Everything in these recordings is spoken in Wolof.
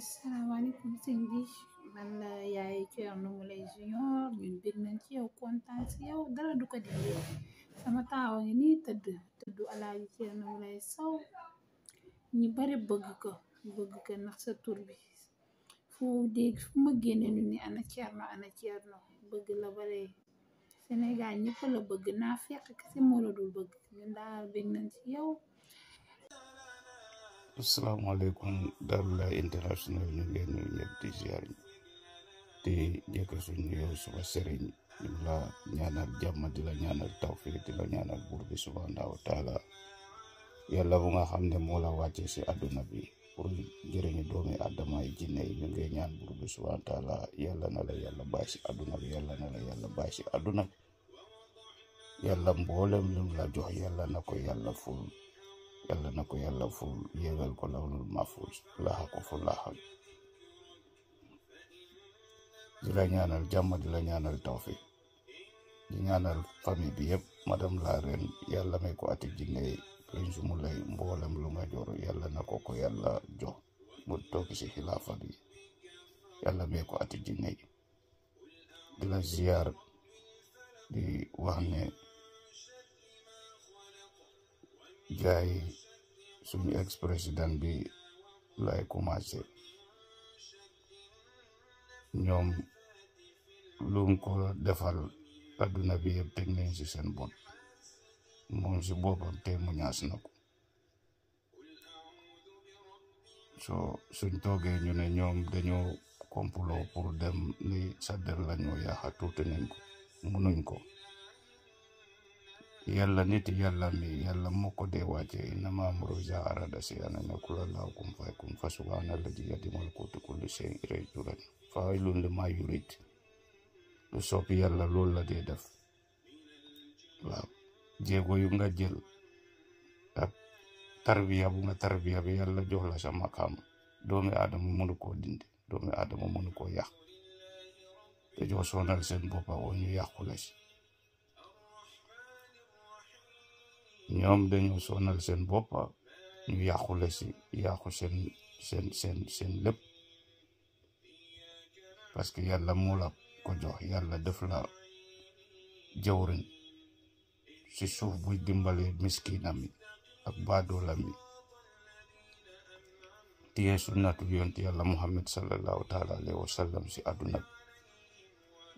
asalaamaaleykum sëñ bi man yaay e Thierno Moulay Junior ñun bég ci yow kontaan si yow dara du ko déglu sama taawa ngi nii tëdd tëdd alaaji Thierno Moulay Sow ñu bari bëgg ko bëgg ko ndax sa tur bi fu dégg fu génne nu ni ana Thierno ana Thierno bëgg la bare Sénégal ñëpp bëgg naa fekk kese moo la dul bëgg ñun daal bég nañ ci yow. asalaamaaleykum Daroulahi International ñu ngi leen nuyu ñëpp di suba sëriñ di la ñaanal jàmm di la ñaanal tawfiq di la ñaanal buur bi taala yàlla bu nga xam ne moo la wàcce si àdduna bi pour jëriñu doomi adama yi jinne yi ñaan buur bi subhanahu wa taala yàlla na àdduna bi yàlla na la yàlla bàyyi si àdduna bi mboolem lim jox yàlla na ko yàlla yàlla na ko yàlla ful yéegal ko lawlul mahfuus laaxa ko fu laaxal di la ñaanal jàmm di la ñaanal tawfiq di ñaanal famille bi yëpp madame la reine yàlla ko ati jinne prince mu lay mboolem lu nga joor yàlla na ko ko yàlla jox bu toog si xilaafa bi yàlla ko ati jinne di la ziyaar di wax jaay yi suñu ex président bi lay commencé ñoom lum ko defal adduna bi yëpp teg nañ si seen bopp moom si boppam te mu ñaas na ko so suñ toogee ñu ne ñoom dañoo complot pour dem ni Saddam la ñoo yaaxa tuuti nañ ko munuñ ko yalla nit yalla mi yalla moko de wace inna ma amru za arada shay'an an yaqula lahu kun fayakun fa subhanallazi bi yadihi malakutu kulli shay'in ilayhi turja'un fa'ilun lima yurid lu sopp yàlla loolu la dee def waaw jéego yu nga jël ak tarbiya bu nga tarbiya bi yàlla jox la sa maqaam doomi aadama mënu koo dindi doomi aadama mënu koo yàq te jox sonal seen boppa woo ñu yàqu la si ñoom dañoo sonal seen bopp ñu yàqule si yàqu seen seen seen seen lépp parce que yàlla moo la ko yàlla def la jawriñ si suuf buy dimbale miskinam yi ak baadoolam yi téye sunnatu ti yàlla muhammad sallallahu taala alayhi wa si àdduna bi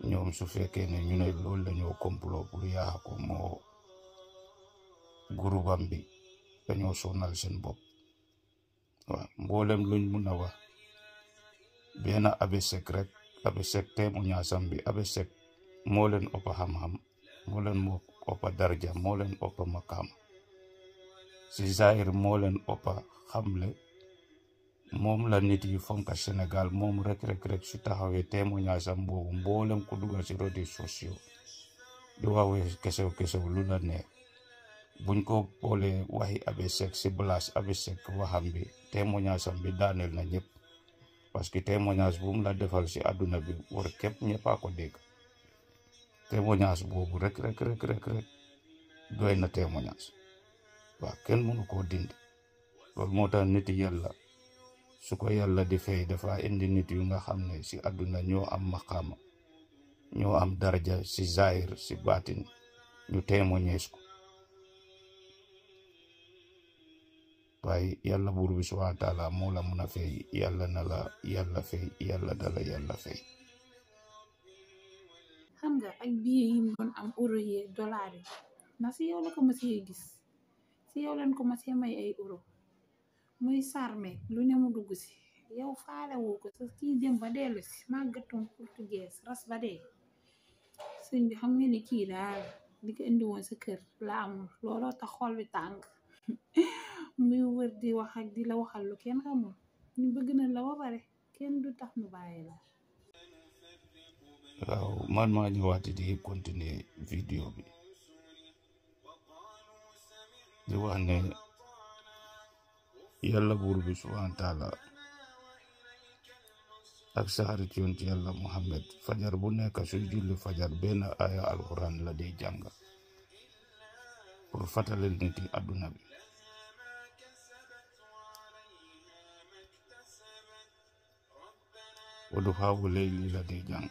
ñoom su fekkee ne ñu ne loolu la ñoo complot pour yaaxa ko moo gurubam bi dañoo sonal seen bopp waaw mboolem luñ mun a wax benn abesek rek abesek teemu ñaasam bi abesek moo leen ëpp xam-xam moo leen moo ëpp darja moo leen ëpp makaama si zahir moo leen ëpp xamle moom la nit yi fonka Sénégal moom rek rek rek su taxawee témoignage-am boobu mboolem ku dugal si réseaux sociaux di waawee kesew kesew lu la neex buñ ko boolee waxi Abbé Seck si balaas Abbé Seck waxam bi témoignage am bi daaneel na ñëpp parce que témoignage bu mu la defal si àdduna bi war képp ñëpp a ko dégg témoignage boobu rek rek rek doy na témoignage waaw kenn mënu koo dindi loolu moo tax nit yàlla su ko yàlla di fay dafa indi nit yu nga xam ne si àdduna ñoo am maqaama ñoo am daraja si zaahir si baatin ñu témoigner ko waaye yàlla buur bi subhana moo la mun a fay yàlla na la yàlla fay yàlla na la yàlla fay. xam nga ak biir yi mu doon am euro yi dollar yi na si yow la ko mosee gis si yow leen ko mosee may ay euro muy sarme lu ne mu dugg si faale woo ko kii dem ba dellu si màggatum portugais ras ba dee sëñ bi xam nga ni kii daal di ko indi sa kër la amul looloo tax xol bi tàng. muy wër di wax di la waxal kenn xamul ñu bëgg nañ la ba pare kenn du tax ñu bàyyi la. waaw man maa ñëwaat di continuer vidéo bi di wax ne yàlla buur bi subhaana taala ak sa yoon ci yàlla Muhammad fajar bu nekk suy julli fajar benn aaya alxuraan la day jàng pour fàttali nit yi àdduna bi. Wadduha bu layli la dee jàng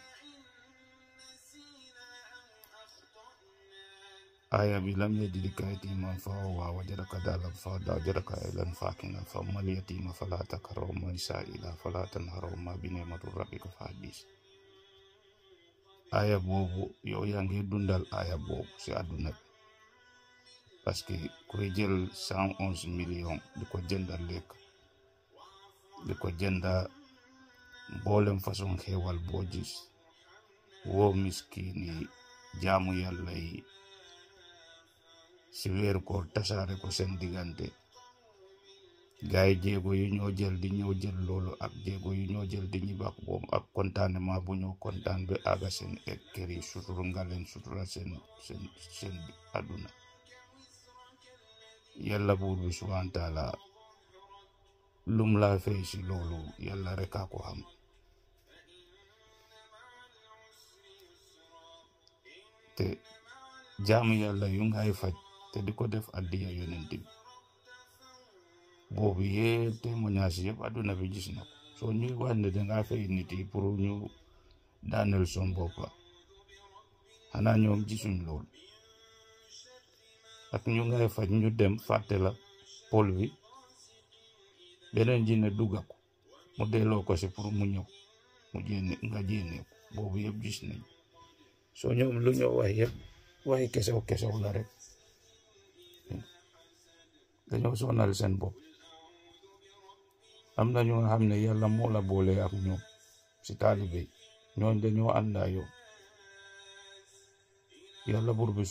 aya bi lam yajidka yatiiman fa'awaa wajadaka daalan fa'aghnaa wajadaka aa'ilan fa'aghnaa fa'ammal yatiima falaa taqhar wa ammal saa'ila falaa tanhar wa ammaa bi ni'mati rabbika fahaddith aya boobu yow yaa ngi dundal boobu si àdduna bi parce que kuy onze millions di ko jënda lekk di ko jënda mboolem façon xéewal boo gis woo miskin yi yàlla yi si weeru koor tasaare ko seen diggante gay jéego yu ñoo jël di ñëw jël loolu ak jéego yu ñoo jël di ñibak boom ak kontaanement bu ñoo kontaan bi aga seen ek kër yi sutura nga leen sutura seen seen àdduna yàlla buur bi lum laa fay si loolu yàlla rek a ko xam te jaamu yàlla yu ngay faj te di ko def addiya yonent bi boobu yee témoignage yëpp àdduna bi gis na ko soo ñuy wax ne dangaa fay nit yi pour ñu daaneel son bopp xanaa ñoom gisuñ loolu ak ñu ngay faj ñu dem fàtte la pol beneen jinne dugga ko mu delloo ko si pour mu ñëw mu jénne nga jénne ko boobu yëpp gis nañ soo ñëw wax yëpp waxi kesew la rek dañoo seen bopp am na ñu nga xam ne yàlla moo la boole ak ñoom si taalibe ñooñ dañoo ànd ak yow yàlla buur bi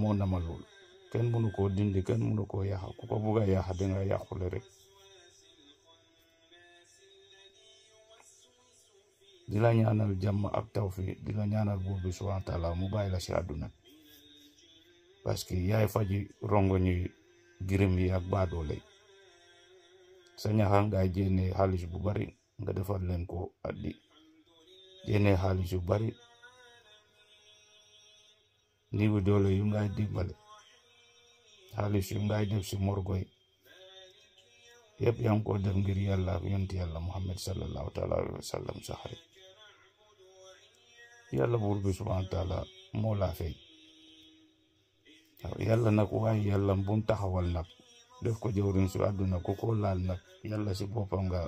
moo nama loolu kenn mënu koo dindi kenn mënu koo yàq ku ko bugg a yàq danga rek di la ñaanal jàmm ak tawfiq di la ñaanal buur bi subhanahu mu bàyyi la si àdduna parce que yaay faji rongo ñi girim yi ak baadoole sa ñaxa nga jénne xaalis bu bari nga defal leen ko addi jénne xaalis yu bari niwi doole yu ngay dimbale xaalis yu ngay def si morgo yi yëpp ko def ngir yàlla ak yonti yàlla muhammad sallallahu taala alayhi wa sallam sa yàlla buur bi subhanahu wa taala moo laa feeñ waaw yàlla nag waaye yàlla bu mu taxawal nag def ko jëwriñ si àdduna ku ko laal nag yàlla si boppam nga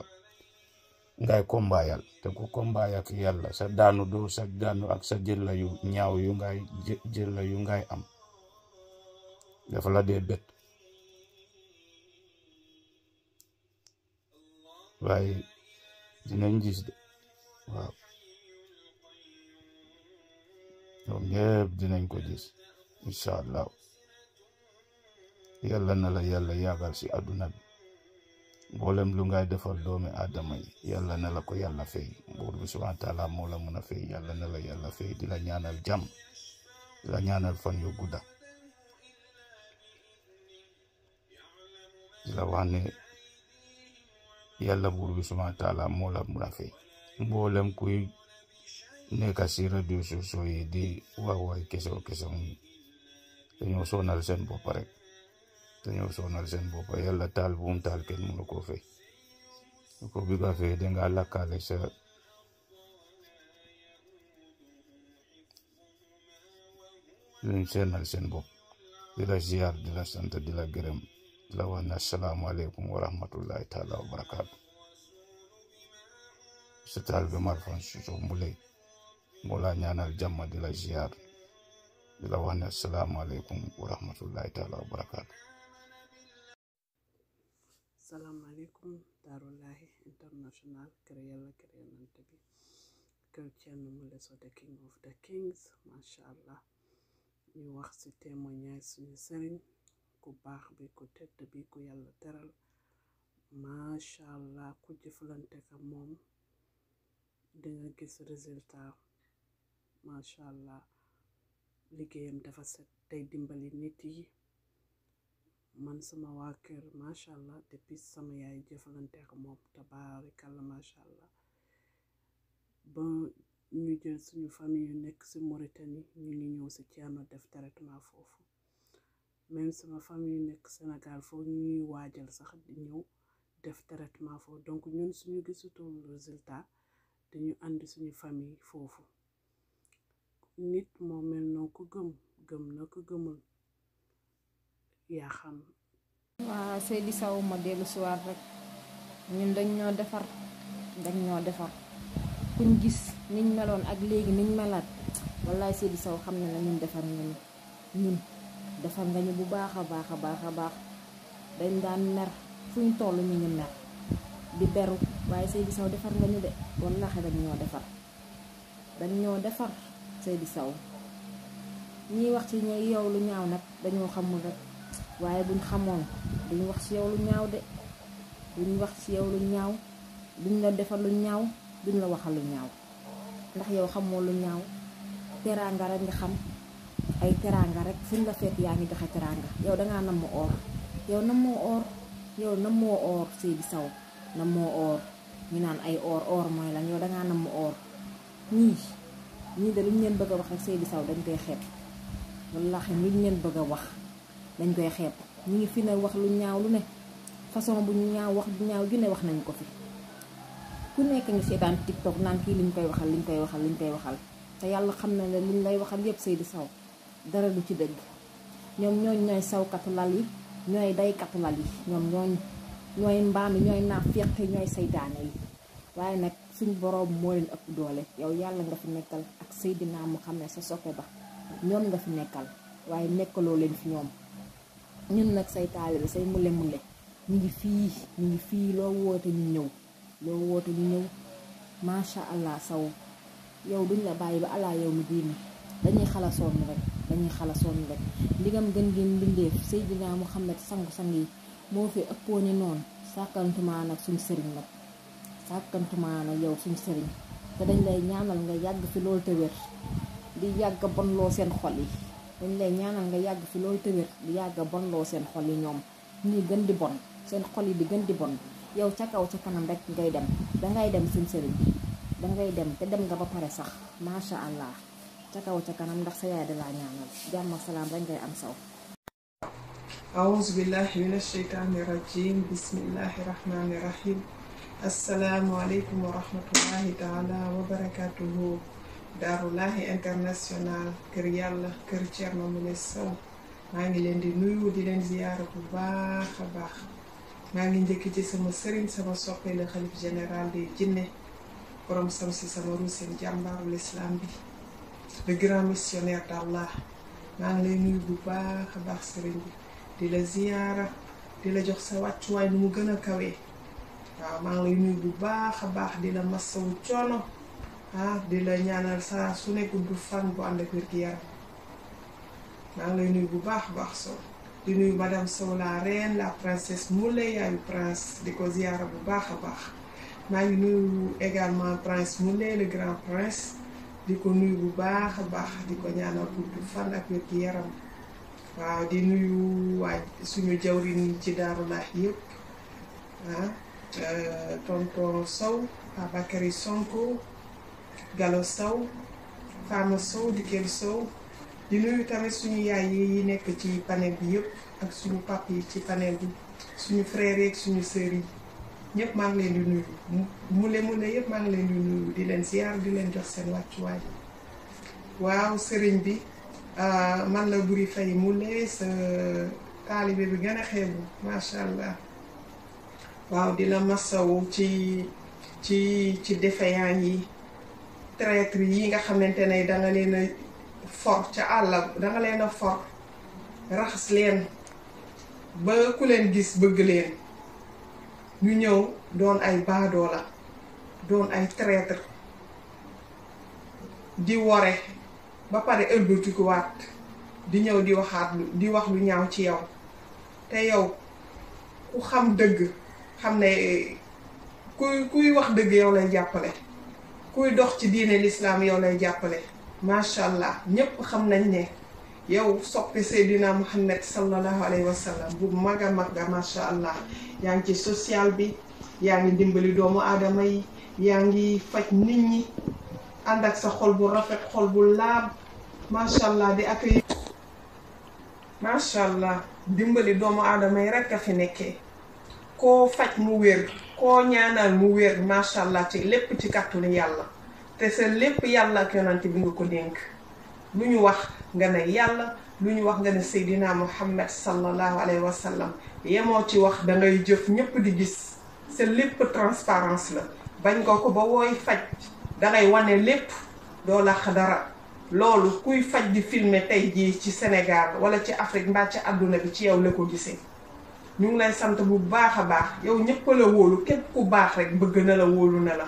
ngay kombaayal te ko kombaay ak yàlla sa daanu doo sa daanu ak sa jëlla yu ñaaw yu ngay jëlla yu ngay am dafa dee bët waaye dinañ gis de loolu yëpp dinañ ko gis incha allah yàlla na la yàlla yaagal si àdduna bi mboolem lu ngay defal doomi aadama yi yàlla la ko yàlla fay buur bi subhana taala moo la mun a fay yàlla na di la ñaanal jàmm di la ñaanal fan yu gudda di la wax ne buur bi subhana taala moo la mun a kuy nekka si radio sociaux yi di wax waay e kese kese muy dañoo sonal seen bopp rek dañoo sonal seen bopp yàlla taal bu mu taal kenn mënu koo ko bi nga fay danga lakkaale sa luñ seenal seen bopp di la ziar di la sant di la gërëm di la wax ne asalaamaaleykum wa taala wa barakaatu sa taal bi Marfan Suso moo la ñaanal jàmm di la ziar di la wax ne salaamaaleykum wa rahmatullahi taala wa barakaatu. salaamaaleykum daarulahi international kër yàlla kër yonante bi wax ci témoignage suñu sëriñ ku baax teral macha allah ku jëflante ka moom dinga gis résultat macha allah liggéeyam dafa set tey dimbali nit yi man sama waa kër macha allah depuis sama yaay jëfalante ak moom tabaarikàlla macha allah ba ñu jël suñu famille yu nekk si Mauritanie ñu ngi ñëw si Thierno def traitement foofu même sama famille yu nekk Sénégal foofu ñuy waajal sax di ñëw def traitement foofu donc ñun suñu gisutul résultat dañu àndi suñu famille foofu. nit moo mel noo ko gëm gëm na ko gëmul yaa xam waaw Seydi Sow ma dellu siwaat rek ñun dañ ñoo defar dañ ñoo defar kuñ gis niñ meloon ak léegi niñ melaat wallaay Seydi Sow xam ne la defar defar nga ñu bu baax a baax a baax a baax dañ daan mer fuñ toll ñu ngi mer di beru waaye Seydi Sow defar nga ñu de wallaahi dañ ñoo defar dañ ñoo defar Seydi Sow ñiy wax ci ñooy yow lu ñaaw nag dañoo xamul rek waaye buñ xamoon duñ wax ci yow lu ñaaw de duñ wax ci yow lu ñaaw duñ la defal lu ñaaw duñ la waxal lu ñaaw ndax yow xamoo lu ñaaw teraanga rek nga xam ay teraanga rek fuñ la fekk yaa ngi joxe teraanga yow dangaa namm oor yow nammoo oor yow nammoo oor Seydi Sow nammoo oor ñu naan ay oor oor mooy lan yow dangaa namm oor ñii ñii de lu ñu leen bëgg a wax rek Seydi saw dañ koy xeeb wallaahi lu ñu leen bëgg a wax dañ koy xeeb ñu ngi fi ne wax lu ñaaw lu ne façon bu ñu ñaaw wax bu ñaaw ju ne wax nañ ko fi ku nekk nga seetaan tiktok naan kii liñ koy waxal liñ koy waxal liñ koy waxal te yàlla xam na ne liñ lay waxal yépp Seydi saw dara du ci dëgg ñoom ñooñ ñooy sawkatu lal yi ñooy daykatu lal yi ñoom ñooñ ñooy mbaam yi ñooy naaf féqi ñooy saytaane yi waaye nag suñ boroom moo leen ëpp doole yow yàlla nga fi nekkal ak Seydina Muhammad sa soppe ba ñoom nga fi nekkal waaye nekkaloo leen fi ñoom ñun nag say taalibe say mule mule ñu ngi fii ñu ngi fii loo woote ñu ñëw loo woote ñu ñëw macha allah saw yow duñ la bàyyi ba allah yow mi diini dañuy xalasoon rek dañuy xalasoon rek ndigam gën ngeen mbindeef Seydina Muhammad sangu sang yi moo fi ëppooni noonu sàkkantumaa nag suñ sëriñ la sàkkantumaana yow suñ sëriñ te dañ lay ñaanal nga yàgg fi loolu te wér di yàgg bonloo seen xol yi dañ lay ñaanal nga yàgg fi loolu te wér di yàgg seen xol yi ñoom ñuy gën di bon seen xol yi di gën di bon yow ca kaw ca kanam rek ngay dem dangay dem suñ sëriñ dangay dem te dem nga ba pare sax macha allah ca kaw ca kanam ndax sa yaay dalaa ñaanal jàmm salaam rek ngay am saw aouzu billahi min bismillahi rahmaani asalaamualeykum wa rahmatullahi taala wa barakatuhu daarulahi international kër yàlla kër Thierno Moule Sow maa ngi leen di nuyu di leen ziyaara bu baax a baax maa ngi njëkk ci sama sëriñ sama soppe la xalif général de jinne borom sam si sama ruusin jàmbaaru l'islam bi le grand missionnaire d'Allah maa ngi lay nuyu bu baax a baax sëriñ bi di la ziyaara di la jox sa wàccuwaay nu mu gën a kawee waaw maa ngi nuyu bu baax a baax di la masawu coono ah di la ñaanal saa su ne gudd fan bu ànd ak wér gi yaram maa ngi lay nuyu bu baax a baax Sow di nuyu madame Sow la reine la princesse Moule yaayu prince di ko ziyaara bu baax a baax maa ngi nuyu également prince Moule le grand prince di ko nuyu bu baax a baax di ko ñaanal gudd fan ak wér gi yaram waaw di nuyu waaj suñu jawrin ci daaru laax yëpp ah. Euh, tonton Sow Bakary Sonko Gallo Sow Fama Sow Dikel Sow di nuyu tamit suñu yaay yi nekk ci panel bi yëpp ak suñu pap yi ci panel bi suñu frères yi ak suñu sœurs yi ñëpp maa ngi leen di nuyu mu le mu ne yëpp maa ngi leen di nuyu di leen ziar di leen jox seen wàccuwaay waaw sëriñ bi euh, man la Boury Faye Moule sa euh, taalibe bi gën a xeebu macha allah. waaw dina la masawu ci ci ci defeyaan yi traître yi nga xamante ne da leen for ca àll da leen a for raxas leen ba ku leen gis bëgg leen ñu ñëw doon ay baadoola doon ay traître di wore ba pare ëlbatikuwaat di ñëw di waxaat di wax lu ñaaw ci yow te yow ku xam dëgg xam ne kuy kuy wax dëgg yow lay jàppale kuy dox ci diine lislaam yow lay jàppale macha allah ñépp xam nañ ne yow soppi Seydina Muhammad sallallahu alayhi wa sallam bu mag magga mag macha allah yaa ngi ci social bi yaa ngi dimbali doomu aadama yi yaa ngi faj nit ñi ànd ak sa xol bu rafet xol bu laab macha allah di accueillir macha allah dimbali doomu aadama yi rekk a fi nekkee koo faj mu wér koo ñaanal mu wér macha allah ci lépp ci kàttanu yàlla te sa lépp yàlla ak yonante bi nga ko dénk lu ñu wax nga ne yàlla lu ñu wax nga ne Seydina Muhammad sallallahu alayhi wa sallam yemoo ci wax dangay jëf ñëpp di gis seen lépp transparence la bañ nga ko ba wooy faj da wane lépp doo làq dara loolu kuy faj di filmer tey jii ci Sénégal wala ci Afrique mbaa ci àdduna bi ci yow la ko gisee. ñu ngi sant bu baax a baax yow ñëpp la wóolu képp ku baax rek bëgg na la wóolu na la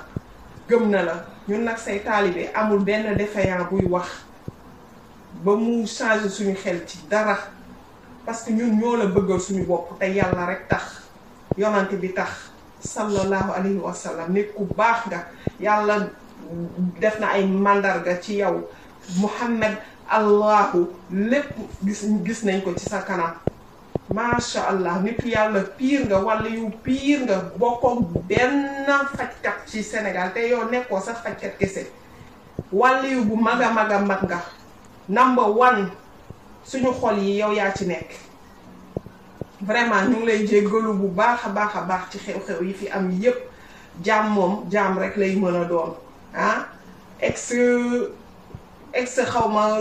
gëm na la ñun nag say taalibe amul benn défaillant buy wax ba mu changé suñu xel ci dara parce que ñun ñoo la bëggal suñu bopp te yàlla rek tax yonante bi tax sallallahu alayhi wa sallam nit ku baax nga yàlla def na ay màndarga ci yow muhammad allahu lépp gis gis nañ ko ci sa kanam macha allah nitu yàlla piir nga wala yu piir nga bokkoog benn fajkat ci Sénégal te yow nekkoo sax fajkat kese wala yu bu mag a mag a mag nga number one suñu xol yi yow yaa ci nekk vraiment ñu lay jéggalu bu baax a baax a baax ci xew-xew yi fi am yépp jaam moom jaam rek lay mën a doom ah ex ex xaw ma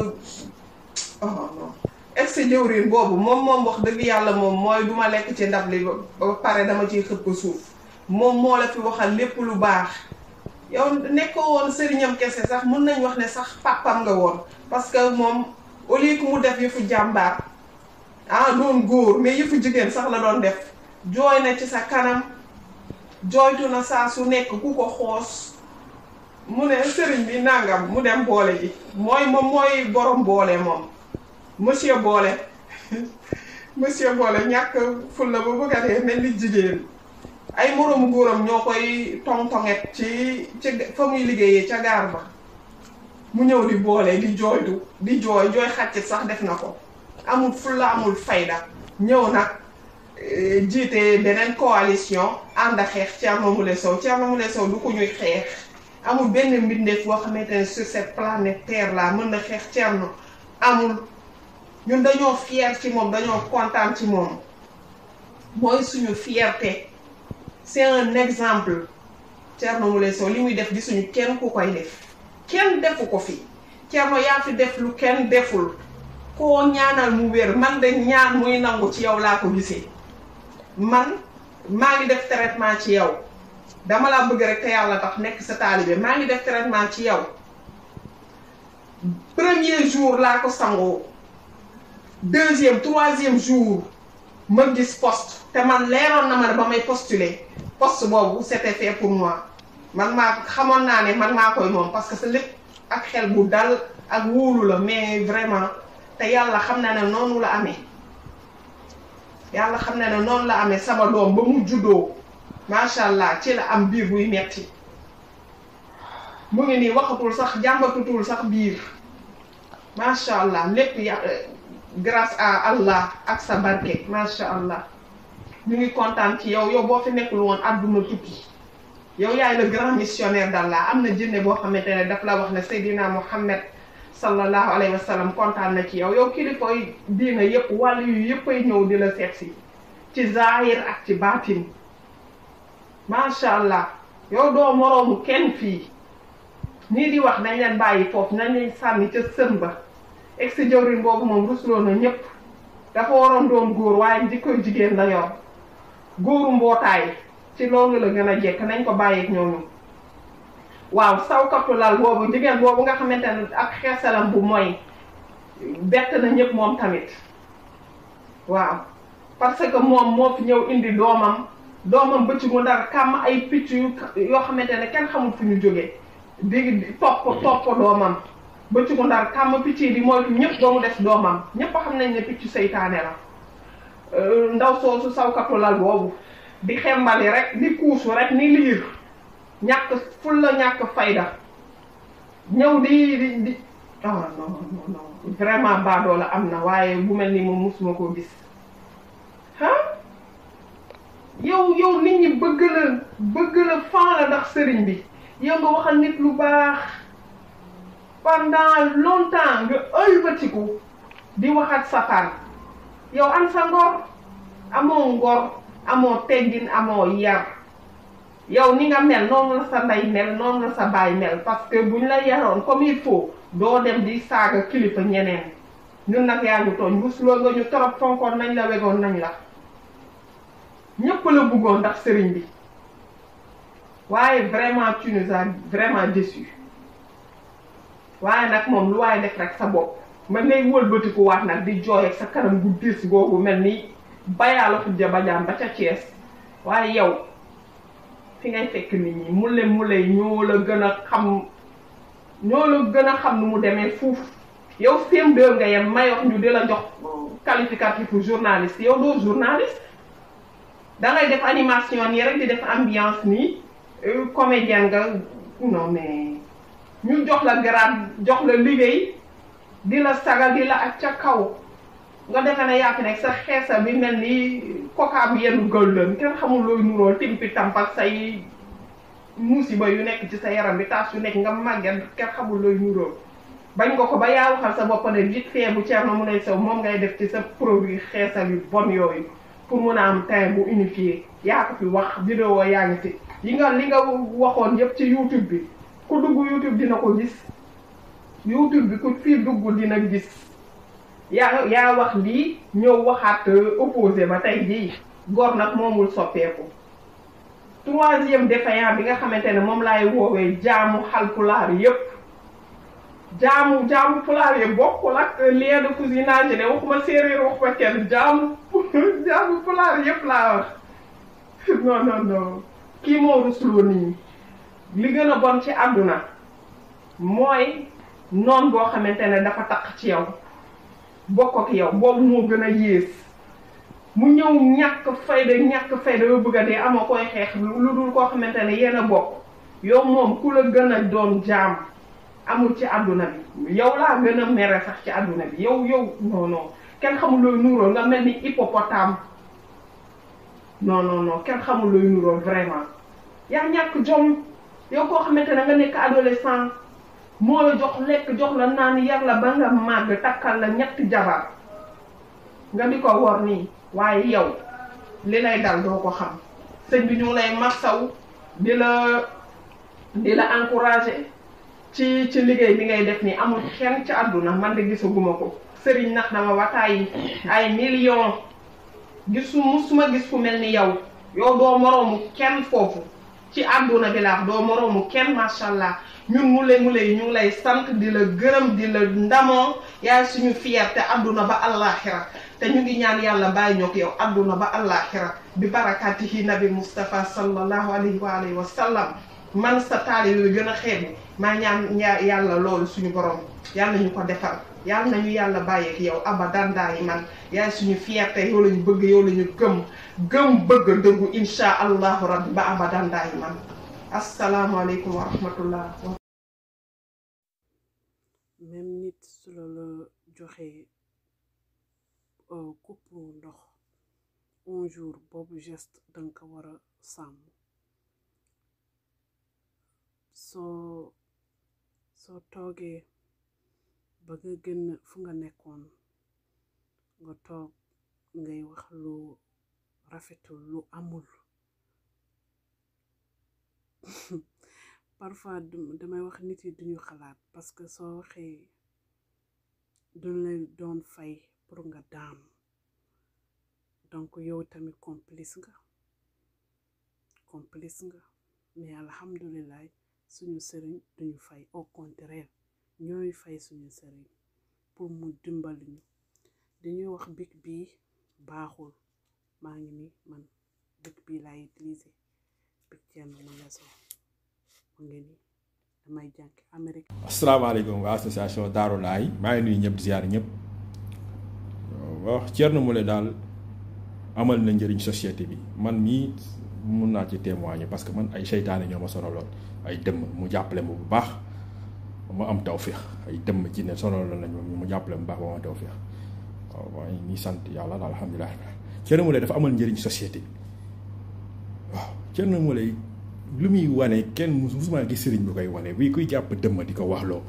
oh ex jëwriñ boobu moom moom wax dëgg yàlla moom mooy du ma lekk ci ndab li ba pare dama ciy xëpp suuf moom moo la fi waxal lépp lu baax yow nekkoo woon sëriñam kese sax mën nañ wax ne sax pàppam nga woon parce que moom au lieu mu def yëfu jàmbaar ah doon góor mais yëfu jigéen sax la doon def jooy na ci sa kanam jooytu na saa su nekk ku ko xoos mu ne sëriñ bi nangam mu dem boole ji mooy moom mooy borom boole moom monsieur Boole monsieur Boole ñàkk ful la ba bëgg dee mel ni jigéen ay moroomu góoram ñoo koy tong-tonget ci ci fa muy liggéeyee ca gaar ba mu ñëw di boole di jooytu di jooy xàccit sax def na ko amul fulla amul fayda ñëw nag eh, jiite beneen coalition ànd a xeex Thierno Moule Sow Thierno Moule Sow du ko ñuy xeex amul benn mbindeef boo xamante ne sur cette planète mën na xeex Thierno amul ñun dañoo fier ci moom dañoo kontaan ci moom mooy suñu fierté c'est un exemple mu Moule Sow li muy def di suñu kenn ku koy def kenn defu ko fi Thierno yaa fi def lu kenn deful koo ñaanal mu wér man de ñaan muy nangu ci yow laa ko gisee man maa ngi def traitement ci yow dama laa bëgg rek te yàlla tax nekk sa taalibe maa ngi def traitement ci yow premier jour laa ko sangoo deuxième troisième jour ma gis poste te man leeroon na ma ne ba may postuler poste boobu c'était fait pour moi man maa xamoon naa ne man maa koy moom parce que sa lépp ak xel bu dal ak wóolu la mais vraiment te yàlla xam na ne noonu la amee yàlla xam na ne noonu la amee sama doom ba mu juddoo macha allah ci la am biir buy metti mu ngi nii waxatul sax jàmbatutul sax biir macha allah lépp ya grâce à Allah ak sa barke macha allah ñu ngi kontaan ci yow yow boo fi nekkul woon àdduna tukki yow yaay le grand missionnaire d'Allah am na jinne boo xamante ne daf la wax ne Seydina Mohamed sallallahu alayhi wa sallam kontaan na ci yow yow kilifay diina yëpp wàll yu yëpp ay ñëw di la seet si ci zahir ak ci baatin macha allah yow doo moroomu kenn fii nii di wax nañ leen bàyyi foofu nañ leen sànni ca sën ex boobu moom rusloo na ñëpp dafa waroon doon góor waaye jikkoy jigéen la yor góoru mbootaay ci loolu la gën a jekk nañ ko bàyyeeg ñooñu waaw sawkatu lal boobu jigéen boobu nga xamante ne ak xeesalam bu mooy bett na ñëpp moom tamit waaw parce que moom moo fi ñëw indi doomam doomam bëcc mu ndar kàmm ay picc yoo xamante ne kenn xamul fu ñu jóge di topp topp doomam bëccëgu ndar kàmm picc yi di moytu ñëpp ba mu des doomam ñëpp xam nañ ne picc seytaane la euh, ndaw soosu sawkatu lal boobu di xembali rek di kuusu rek ni liir ñàkk ful ñàkk fayda ñëw di di di ah non non non vraiment baadoo la am na waaye bu mel ni moom musuma koo gis ah yow yow nit ñi bëgg la bëgg la fan ndax sëriñ bi yow nga waxal nit lu baax. pendant longtemps nga ëlbatiku di wax ak safar yow am sa ngor amoo ngor amoo teggin amoo yar yow ni nga mel noonu la sa ndey mel noonu sa baay mel parce que buñ la yaroon comme il faut doo dem di saaga kilifa ñeneen ñun nag yaa ngi tooñ rusloo nga ñu torop fonkoon nañ la wegoon nañ la ñëpp la bëggoon ndax sëriñ bi waaye vraiment tu nous as vraiment déçus waaye nag moom lu waaye def rek sa bopp man ngay wëlbatiku waat nag di jooy ak sa kanam gu diis googu mel ni bayaala xujja bajaam ba ca Cees waaye yow fi ngay fekk nit ñi mule mule ñoo la gën a xam ñoo la gën a xam nu mu demee fuuf yow seen deux nga yem mayox ñu di la jox qualificatif journaliste yow doo journaliste da def animation nii rek di def ambiance nii euh, comédien nga non mais ñu jox la garaat jox la liggéey di la sagal di la ak ca kaw nga defe ne yaa fi nekk sa xeesa bi mel ni kokaab yenn gëllëm kenn xamul looy nuroo timpi tampak say musiba yu nekk ci sa yaram bi taas yu nekk nga màgget kenn xamul looy nuroo bañ nga ko ba yaa waxal sa bopp ne vite fait bu ceer na mu lay sew moom ngay def ci sa produit xeesal yu bon yooyu pour mun a am teint bu unifié yaa ko fi wax vidéo yaa ngi ci yi nga li nga waxoon yëpp ci YouTube bi ku dugg YouTube dina ko gis YouTube bi ku fii dugg dina gis yaa yaa wax lii ñëw waxaat euh, opposé ba tey jii góor nag moomul soppeeku troisième défaillant bi nga xamante ne moom laay woowee jaamu xalpulaar yépp jaamu jaamu pulaar yi bokkul ak lien de cousinage de waxuma séeréer waxuma kenn jaamu jaamu pulaar yépp laa wax non non non kii moo rusloo li gën a bon ci àdduna mooy noon boo xamante ne dafa taq ci yow bokk ak yow boobu moo gën a yées mu ñëw ñàkk fayda ñàkk fayda yoo bëgg a dee amoo koy xeex lu dul koo xamante ne yenn a bokk yow moom ku la gën a doon jaam amul ci àdduna bi yow laa gën a mere sax ci àdduna bi yow yow non kenn xamul looy nuuroo nga mel ni hippopotame non non kenn xamul looy nuuroo vraiment yaa ñàkk jom yow koo xamante ne nga nekk adolescent moo la jox lekk jox la naan yar la ba nga màgg takkal la ñetti jabar nga di ko wor nii waaye yow li lay dal doo ko xam bi ñu lay la di la ci ci liggéey bi ngay def nii amul kenn ci àdduna man de gisaguma ko sëriñ nax dama wataayi ay million gisu suma gis fu mel ni yow yow doo moroomu kenn foofu ci àdduna bi laax doo moroomu kenn macha allah ñun mule mule yi ñu lay sant di la gërëm di la ndamoo yaay suñu fierté àdduna ba àllaaxira te ñu ngi ñaan yàlla bàyyi ñoo ko yow àdduna ba àllaaxira bi barakaatihi nabi Moustapha sallallahu alayhi wa alihi wa sallam man sa taalibe bi gën a xeeb maa ñaan yàlla loolu suñu borom yàlla ñu ko defal. yàlla nañu yàlla bàyyeek yow abadan daay man yaay suñu fierté yow la ñu bëgg yow la gëm gëm bëgg dëggu insha allahu rabbi ba abadan daay man asalaamaaleykum wa rahmatullah même nit su la la joxe euh, coupe ndox un jour boobu geste danga ko war a sàmm soo soo toogee ba nga génn fu nga nekkoon nga toog ngay wax lu rafetul lu amul parfois damay wax nit yi duñu xalaat parce que soo waxee duñ lay doon fay pour nga daam donc yow tamit complice nga complice nga mais alhamdulilah suñu sëriñ duñu fay au contraire ñooy fay suñu sëriñ pour mu dimbali ñu dañuy wax bic bi baaxul maa ngi ni man bic bi laay utiliser bic Thierno Moule Sow mu ngi ni damay jànk Amérique. association Darou Laye maa ngi nuyu ñëpp di ziar ñëpp wax Thierno Moule daal amal na njëriñ société bi man mii mun naa ci témoigner parce que man ay seytaane ñoo ma sonaloon ay dëmm mu jàppale ma bu baax. mu am tawféex ay dëmm ci ne sonal la nañ moom mu jàppale mu baax ba ma am tawféex sant yàlla daal alhamdulilah Thierno Moule dafa amal njëriñ société waaw Thierno Moule muy wane kenn musuma gis sëriñ bu koy wane bi kuy jàpp dëmm di ko wax loo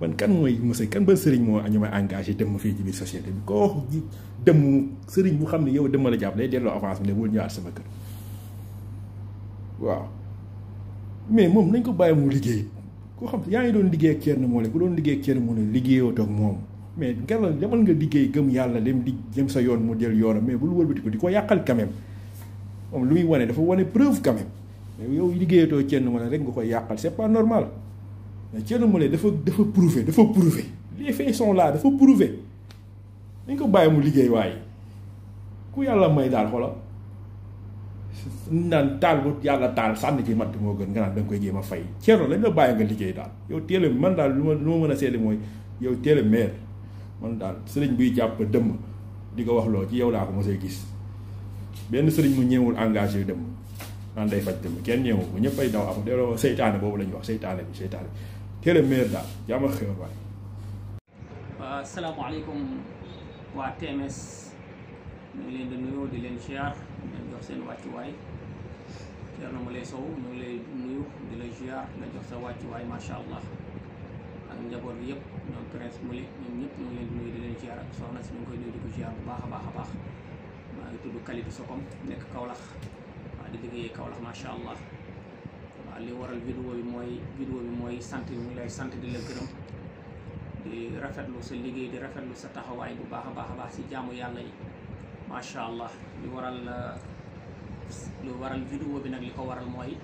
man kan mooy monsieur kan ba sëriñ moo ñu engagé dëmm fii ci bi koo wax ji sëriñ bu xam ne yow dëmm la jàpp day delloo avance bi ne bul ñëwaat sama kër waaw mais moom nañ ko bàyyi mu liggéey. ku xam yaa ngi doon liggéey ak Thierno Moule ku doon liggéey ak Thierno Moule liggéeyoo toog moom mais ngelaw demal nga liggéey gëm yàlla dem di jëm sa yoon mu jël yoonam mais bul wëlbati ko di ko yàqal quand même moom lu muy wane dafa wane preuve quand mais yow liggéeyatoo Thierno Moule rek nga koy yàqal c'est pas normal mais Thierno Moule dafa dafa prouvé dafa prouvé les faits sont là dafa prouvé dañ ko bàyyi mu liggéey waaye ku yàlla may daal xoolal naan taal bu yàlla taal sànni ci matt moo gën nga naan da koy jéem fay ceerno lañ la bàyyi nga liggéey daal yow téele man daal lu ma lu ma mën a seede mooy yow téele meer man daal sëriñ buy jàpp dëmm di ko wax loo ci yow laa ko mosee gis benn sëriñ mu ñëwul engagé yu dëmm naan day faj dëmm kenn ñëwu ko ñëpp ay daw am delloo seytaane boobu la wax seytaane bi seytaane bi téele daal jàmm ak xewal waay asalaamaaleykum waa TMS ñu ngi leen leen jox seen wàccuwaay Thierno Moule Sow ñu ngi lay nuyu di la ziar la jox sa wàccuwaay macha allah ak njaboot bi yëpp ñoom prince ñu ngi leen di leen ziar ak soxna si ñu ngi koy nuyu di ko bu baax a baax a baax maa ngi tudd Kalidou Socom nekk Kaolack waaw di liggéeyee Kaolack macha allah waaw li waral vidéo bi mooy vidéo bi mooy sant ñu ngi lay sant di la gërëm di rafetlu sa liggéey di rafet lu sa taxawaay bu baax a baax a baax si jàmm yàlla yi. macha allah li waral lu waral vidéo bi nag li ko waral mooy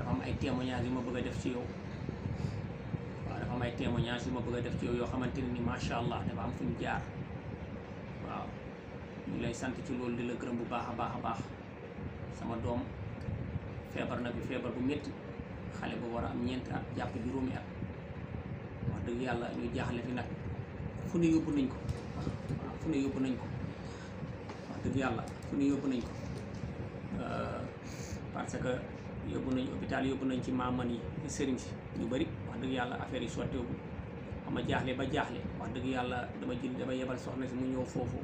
dafa am ay témoignage yu ma bëgg a def ci yow waaw dafa am ay témoignage yu ma bëgg a def ci yow yoo xamante ne ni macha allah dafa am fu ñu jaar waaw ñu lay sant ci loolu di la gërëm bu baax a baax a baax sama doom feebar na bi feebar bu métti xale bu war a am ñeenti at jàpp juróomi at wax dëgg yàlla ñu jaaxle fi nag fu ne yóbbu nañ ko fu ne yóbbu nañ ko dëgg yàlla fu ñu yóbbu nañ ko euh, parce que yóbbu nañ hôpital yóbbu nañ ci maaman yi sëriñ si ñu bëri wax dëgg yàlla affaire yi sotteewul ma jaaxle ba jaaxle wax dëgg yàlla dama jël dama yebal soxna si mu ñëw foofu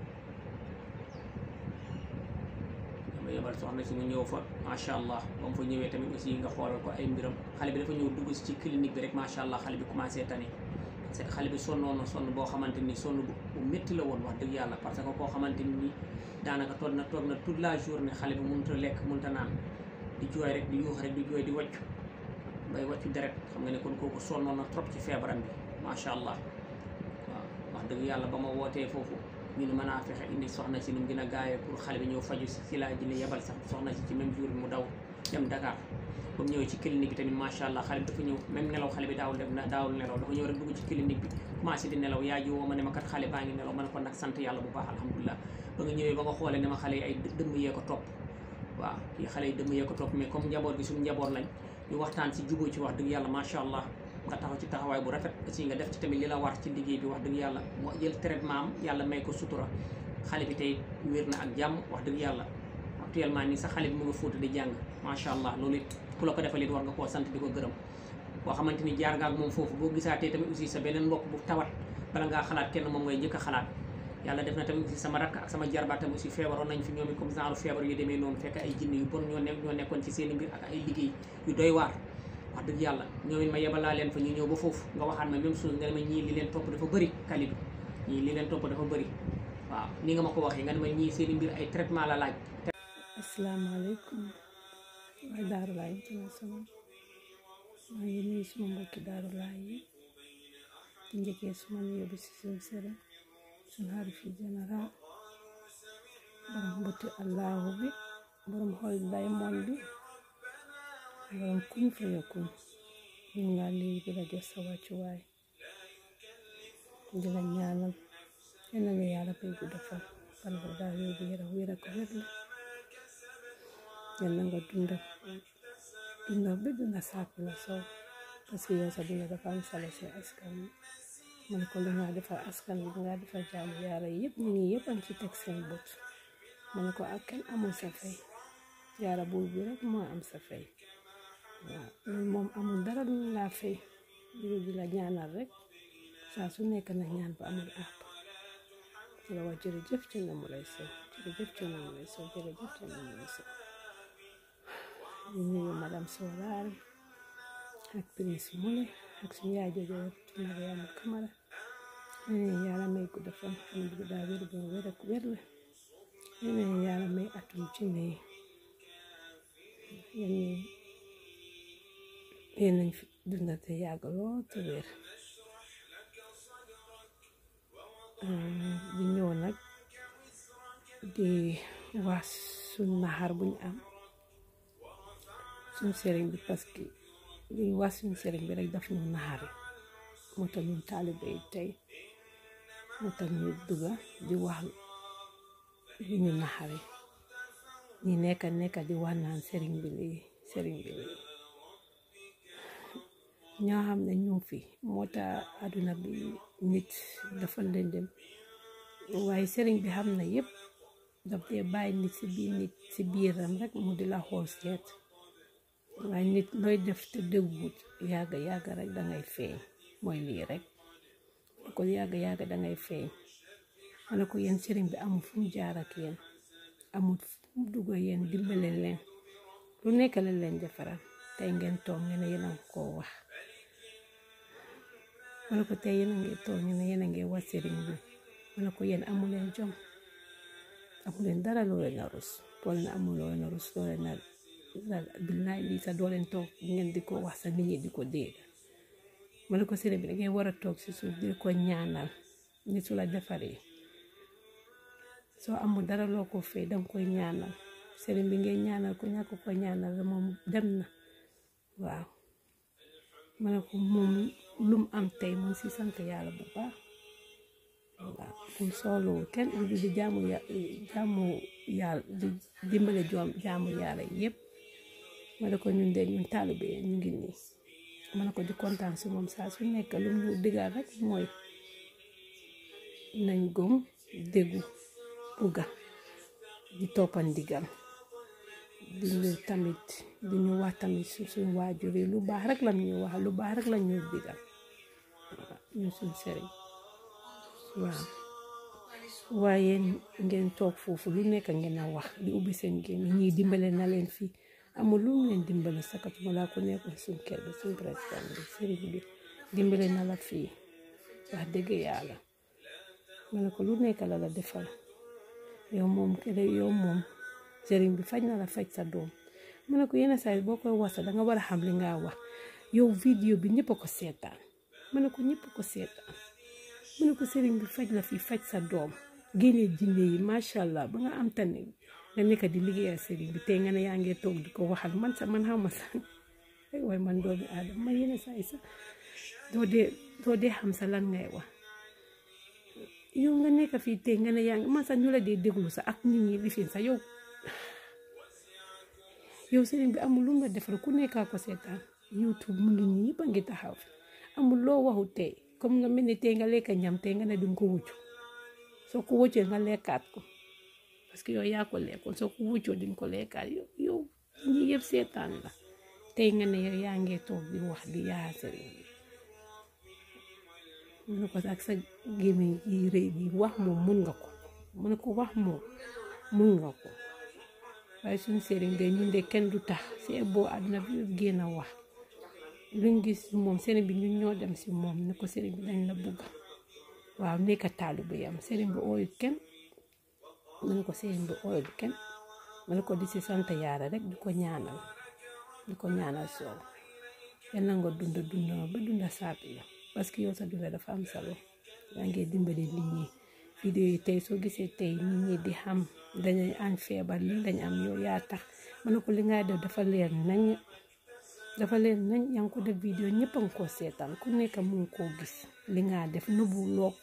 dama yebal soxna si mu ñëw fa macha allah ba mu fa ñëwee tamit aussi nga xoolal ko ay mbiram xale bi dafa ñëw dugg si ci clinique bi rek macha allah xale bi commencé tane c'est xale bi sonnoon na sonn boo xamante ni sonn bu métti la woon wax dëgg yàlla parce que koo xamante ni daanaka toog na toog na tout la journée xale bi mënut a lekk mënut a naan di jooy rek di yuux rek di jooy di wàccu bay wàccu deret xam nga ne kon kooku sonnoon na trop ci feebaram bi macha allah waaw wax dëgg yàlla ba ma wootee foofu ñu nu mën a fexe indi soxna si nu mu gën a gaawee pour xale bi ñëw faju si si laa ji yebal sax soxna si ci même jour bi mu daw dem ba mu ñëwee ci clinique bi tamit macha allah xale bi dafa ñëw même nelaw xale bi daawul nelaw dafa ñëw rek dugg ci clinique bi commencé di nelaw yaay ji woo ma ne ma kat xale baa ngi nelaw nag sant yàlla bu baax alhamdulilah ba nga ñëwee ba nga xoolee ne ma xale yi ay dëmm yee ko topp waaw kii xale yi dëmm yee ko topp mais comme njaboot gi suñu njaboot lañ ñu waxtaan si jubóo ci wax dëgg yàlla macha allah nga taxaw ci taxawaay bu rafet aussi nga def ci tamit li la war ci liggéey bi wax dëgg yàlla moo jël traitement am yàlla may ko sutura xale bi tey na ak jàmm wax dëgg yàlla actuellement nii sa xale bi mu nga fóota di jàng macha allah loolu it ku la ko defal it war nga koo sant di ko gërëm koo xamante ni jaar nga ak moom foofu boo gisaatee tamit aussi sa beneen mbokk bu tawat bala ngaa xalaat kenn moom ngay njëkk a xalaat yàlla def na tamit aussi sama rakk ak sama jarbaat tamit aussi feebaroon nañ fi ñoom i comme genre feebar yu demee noonu fekk ay jinne yu bon ñoo ne ñoo nekkoon ci seen i mbir ak ay liggéey yu doy waar wax dëgg yàlla ñoom it ba foofu nga waxaat ma même leen topp dafa bëri kalidu ñii li leen topp dafa bëri ma ko waxee nga ne ma ñii seen la laaj asalaamaaleykum mooy Darou Laye International maa ngi nuyu suma mbokki Darou Laye yi di njëkkee suma nuyoo bi si seen sëriñ suñu xarifi général borom allahu bi borom xool day moon bi borom kun fa yakun ñu ngi laa nuyu di la jox sa wàccuwaay di la ñaanal yal na la yàlla béy bu defar ban ba daal yóbbu yàlla nga dunda dunda ba dunda saako la soow parce que yow sa dafa am solo si askan wi man ko lu nga defar askan wi nga defar jaamu yaara yëpp nit ñi yëpp am ci teg seen bët man ko ak amul sa fay yaara buur bi rek moo am sa fay waaw moom amul dara lu laa fay di la ñaanal su nekk na ñaan ba ci na mu lay sow jërëjëf ci na mu lay sow nuyu madame Souare ak Prince Moulé ak suñu yaay jooju Mariama Kamara ñeneen yàlla may ko defam xam nga daa wér bu wér ak atum ci ne yéen nañ fi dundal te yàgg lool te wér nag di wax suñu naxar am. suñu bi parce que liñ wax suñu sëriñ bi rek daf ñu naxari moo tax ñun taalibe yi tey moo tax ñu dugga di wax li ñu naxari ñi nekka nekka di wax naan sëriñ bi lii sëriñ bi lii xam ne ñu fi moo ta àdduna bi nit dafa lëndëm waaye sëriñ bi xam na yépp daf dee bàyyi nit ci biir nit ci biiram rek mu di la xool seet waaye nit looy def te dëgguwut yàgga yàgga rek dangay feeñ mooy lii rek ko yàgga yàgga dangay feeñ ma ko yéen sëriñ bi amul fu mu jaar ak yéen amul fu mu yéen dimbale leen lu nekk la leen defaral tey ngeen toog ngeen a ko wax ma ne ko tey yéen a ngi toog ngeen yéen wax sëriñ bi ma ko yéen amuleen jom amuleen dara loo leen a rus boole na amul loo leen a rus loo leen billaay lii sa doo toog toog ngeen di ko wax sa nit ñi di ko dégg ma ne ko sëriñ bi da ngay war a toog si suuf di ko ñaanal ni su la defaree soo amul dara loo ko fay danga koy ñaanal sëriñ bi nga ñaanal ku ñàkk ko ñaanal moom dem na waaw ma ne ko moom lum am tey moom si sant yàlla bu baax waaw kon soolu kenn di jaamu ya jaamu yàlla di dimbale joom jaamu yàlla yépp ma ne ko ñu de ñun taalibe ñu ngi nii ma ne ko di kontaan si moom saa su nekk lu mu mooy nañ gëm déggu bugga di toppan digal di ñu tamit di ñu wax tamit su suñu lu baax rek la ñuy wax lu baax rek la ñuy digal ñu suñ sëriñ waaw waaye ngeen toog foofu lu nekk ngeen a wax di ubbi seen génn ñii dimbale na leen fii amul lu mu leen dimbale sakatuma laa ko nekkoon suñ kër bi suñ président bi sëriñ bi dimbale na la fii wax dëgg yàlla ma ne ko lu nekk la la defal yow moom kere yow moom bi faj na la faj sa doom ma ne ko yenn saa yi boo koy wasa danga war a xam li nga wax yow vidéo bi ñëpp a ko seetaan ma ne ko ñëpp ko seetaan ma ko sëriñ bi faj la fi faj sa doom génnee jinne yi macha allah ba nga am tane nga nekk di liggéeyal sëriñ bi tey nga ne yaa ngi toog di ko waxal man sa man xam ma sa waaye man doomi aadama man yenn saa yi sax doo dee doo dee xam sa lan ngay wax yow nga nekk fii tey nga ne yaa ngi man sax ñu la dee déglu sa ak nit ñi lifin sa yow yow sëriñ bi amul lu mu la defal ku nekkaa ko seetaan youtube mu ngi ñii ba ngi taxaw fi amul loo waxu tey comme nga mel ni tey nga lekk ñam tey nga ne duñ ko wuccu soo ko wuccee nga lekkaat ko parce que yow yaa ko lekkoon soo ko wujjoo di nga ko lekkaat yow yow ñi yëpp seetaan la tey nga ne yow yaa ngi toog di wax di yaasa mu ne ko ak sa gémmiñ gi rëy gi wax moom mun nga ko mu ne ko wax moom mun nga ko waaye suñu sëriñ du tax si bi yëpp a wax luñ gis bi ñun ñoo dem si moom ne ko sëriñ bi dañ la bugg waaw nekk taalu bu yam sëriñ bi ooyu kenn ma ne ko sëyam bi ooyul kenn ma ko di si sant yaara rek di ko ñaanal di ko ñaanal soow yal na nga dund dund ba dunda saab yi parce que yow sa dunda dafa am solo yaa dimbali nit ñi vidéo yi tey soo gisee tey nit ñi di xam dañuy am feebar li dañ am yow yaa tax ma ko li ngay def dafa leer nañ dafa leen nañ yaa ngi ko def vidéo ñëpp a koo seetaan ku nekk mu ngi koo gis li nga def nëbbu loog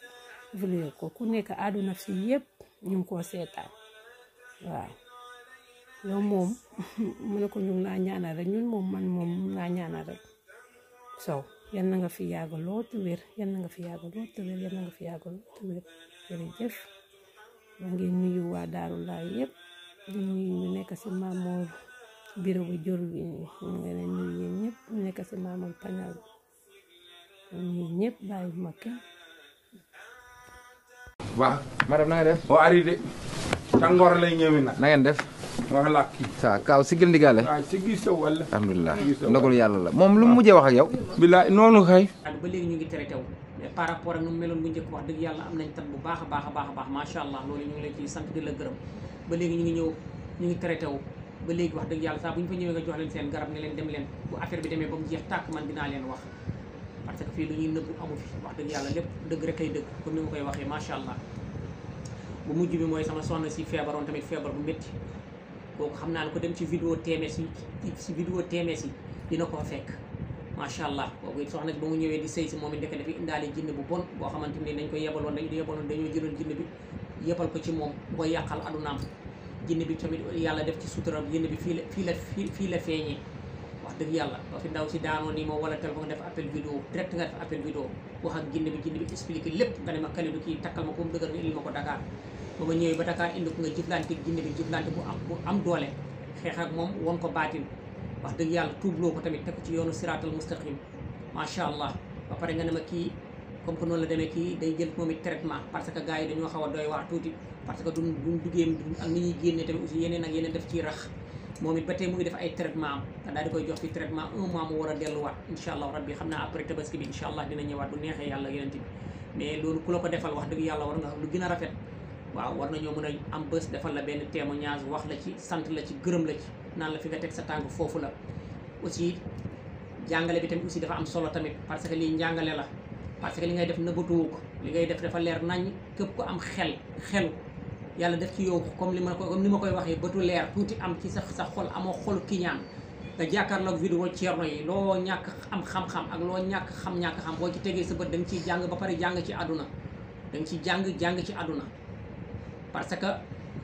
vlog ko ku nekk àdduna si yëpp ñu ngi koo seetaan waaw yow moom mu ne ko ñu ngi laa ñaanal rek ñun moom man moom mu laa ñaanal rek sow yal na nga fi yàgg lool te na nga fi yàgg lool te wér yal na nga fi yàgg lool te wér jërëjëf ñu nekk si Mamour bureau bu jur ñu ngi leen nuyu ñu nekk si Mamour panel bi ñun ñëpp ma kenn waaw madame na nga def. waaw arrêté. tàngoor na ngeen def. wax la kii. saa kaaw sigil ndigaale. waaw sigil sa wàll. alhamdulilah ndogalu yàlla la moom lu mu mujjee wax ak yow. bilaay noonu xëy. ba léegi ñu ngi tere tew mais par rapport ak meloon bu njëkk wax dëgg yàlla am nañ tat bu baax a baax baax a baax macha allah la gërëm ba léegi ñu ngi ñëw ñu ngi traité wu ba léegi wax dëgg yàlla saa bu ñu fa ñëwee nga jox leen seen garab ne leen dem leen bu affaire bi demee ba mu jeex tàkk man dinaa leen wax parce que fii lu ñuy nëbb amu fi wax dëgg yàlla lépp dëgg rek ay dëgg comme ni ma koy waxee macha allah bu mujj bi mooy sama soxna si feebaroon tamit feebar bu métti kooku xam naa ne ko dem ci vidéo TMS yi ci vidéo TMS yi dina ko fekk macha allah kooku it soxna si ba mu ñëwee di sëy si moom de ndekk dafa indaale jinne bu bon boo xamante ni dañ koy yebaloon dañ yebaloon dañoo jëloon jinne bi yebal ko ci moom bu koy yàqal adunaam jinne bi tamit yàlla def ci suturam jinne bi fii la la wax dëgg yàlla ba fi ndaw si daanoo nii moo wala téléphone def appel vidéo direct nga def appel vidéo wax ak jinne bi jinne bi expliqué lépp nga ne kii takkal ma ko mu dëgër nga indi ma ko ko yàlla tuubloo ko tamit yoonu siraatal mustaqim macha allah ba pare nga ne ma kii comme que noonu la demee kii day jël moom it traitement parce que gars yi dañoo xaw a doy waar tuuti parce que duñ duñ duggee ak ni ñuy génnee tamit aussi yeneen ak yeneen def ciy rax moom it ba tey mu ngi def ay traitement am nga daal di koy jox fi traitement un mois mu war a delluwaat incha allah rabbi xam naa après tabaski bi incha allah dina ñëwaat bu neexee yàlla yonent bi mais loolu ku la ko defal wax dëgg yàlla war nga xam lu gën a rafet waaw war na ñoo mën a am bés defal la benn témoignage wax la ci sant la ci gërëm la ci naan la fi nga teg sa tànk foofu la aussi jàngale bi tamit aussi dafa am solo tamit parce que lii njàngale la parce que li ngay def nëbbatuwu ko li ngay def dafa leer nañ képp ko am xel xelu yàlla def ci yow comme li ma ko ni ma koy waxee bëtu leer ti am ci sa sa xol amoo xolu kiñaan nga jàkkaarloog vidéo ceerno yi loo ñàkk am xam-xam ak loo ñàkk xam-ñàkk xam boo ci tegee sa bët da nga ciy jàng ba pare jàng ci àdduna da nga ciy jàng jàng ci àdduna parce que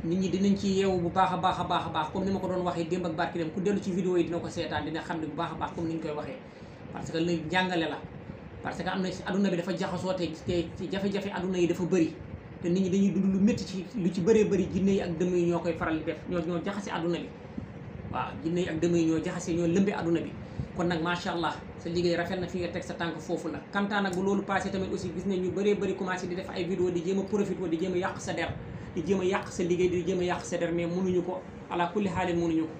nit ñi dinañ ci yeewu bu baax a a baax a baax comme ma ko doon waxee démb ak barki dem ku dellu yi dina ko seetaan dina xam ne bu baax a baax ñu koy waxee parce que la jàngale la parce que am na ci àdduna bi dafa jaxasoo te te jafe-jafe àdduna yi dafa bëri te nit ñi dañuy dund lu métti ci lu ci bëree bëri jinne yi ak dëmm yi ñoo koy faral di def ñoo ñoo jaxase àdduna bi waaw jinne yi ak dëmm yi ñoo jaxase ñoo lëmbee àdduna bi kon nag macha allah sa liggéey rafet na fi nga teg sa tànk foofu la kantaan nag bu loolu passé tamit aussi gis nañ ñu bëree bëri commencé di def ay vidéo di jéem a profité di jéem a yàq sa der di jéem a yàq sa liggéey di jéem yàq sa der mais mënuñu ko ala kulli xaalin mënuñu ko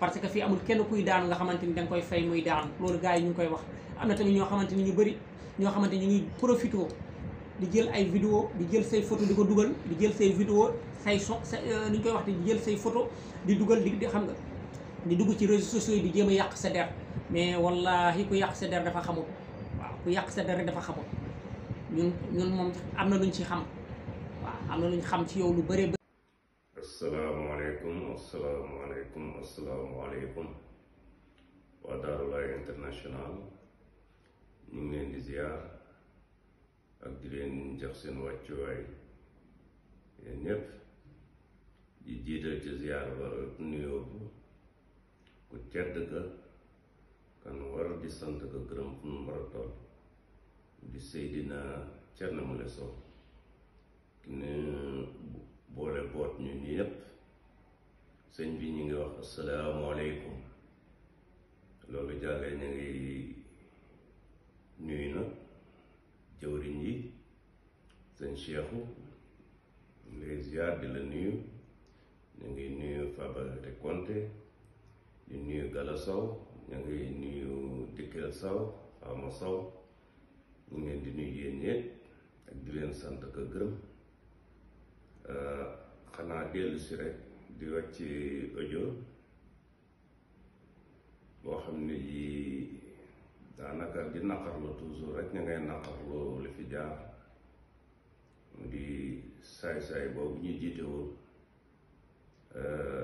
parce que fii amul kenn kuy daanu nga xamante ni danga koy fay muy daanu loolu yi ñu koy wax am na ñoo xamante ni ñu bëri ñoo xamante ni ñu ngi profité di jël ay vidéo di jël say photo di ko dugal di jël say vidéo say so sa euh, ni koy wax di jël say photo di dugal di xam nga di dugg ci réseaux sociaux yi di jéem a yàq sa der mais wallahi ku yàq sa der dafa xamul waaw ku yàq sa der dafa xamul ñun ñun moom am na luñ ci xam waaw am na luñ xam ci yow lu bëree bëri. asalaamaaleykum asalaamaaleykum asalaamaaleykum waa Daroulaye international ñu ngi di ziar. ak di leen jox seen wàccuwaay yéen ñépp di jiital ci ziyaar ba nuyoo bu ku tedd ka kan war di sant ka gërëm fu mu war a toll di Seydina Thierno Moule Sow ki ne boole boot ñu ñu ñépp sëñ bi ñu ngi wax asalaamaaleykum loolu jàllee ñu ngi nuyu na jëwriñ yi sëñ Cheikhu ngay ziar di la nuyu ñu ngi nuyu Fabalete Konte di nuyu Gala Sow ñu ngi nuyu Dikkel Sow Fama Sow ñu ngi di nuyu yéen ak di leen sant ko gërëm ah, xanaa dellu si rek di wàcc audio boo xam ne yii daanaka di naqarlu toujours rek ñu ngay naqarlu li fi jaar di saay-saay boobu ñu jiitewul eh,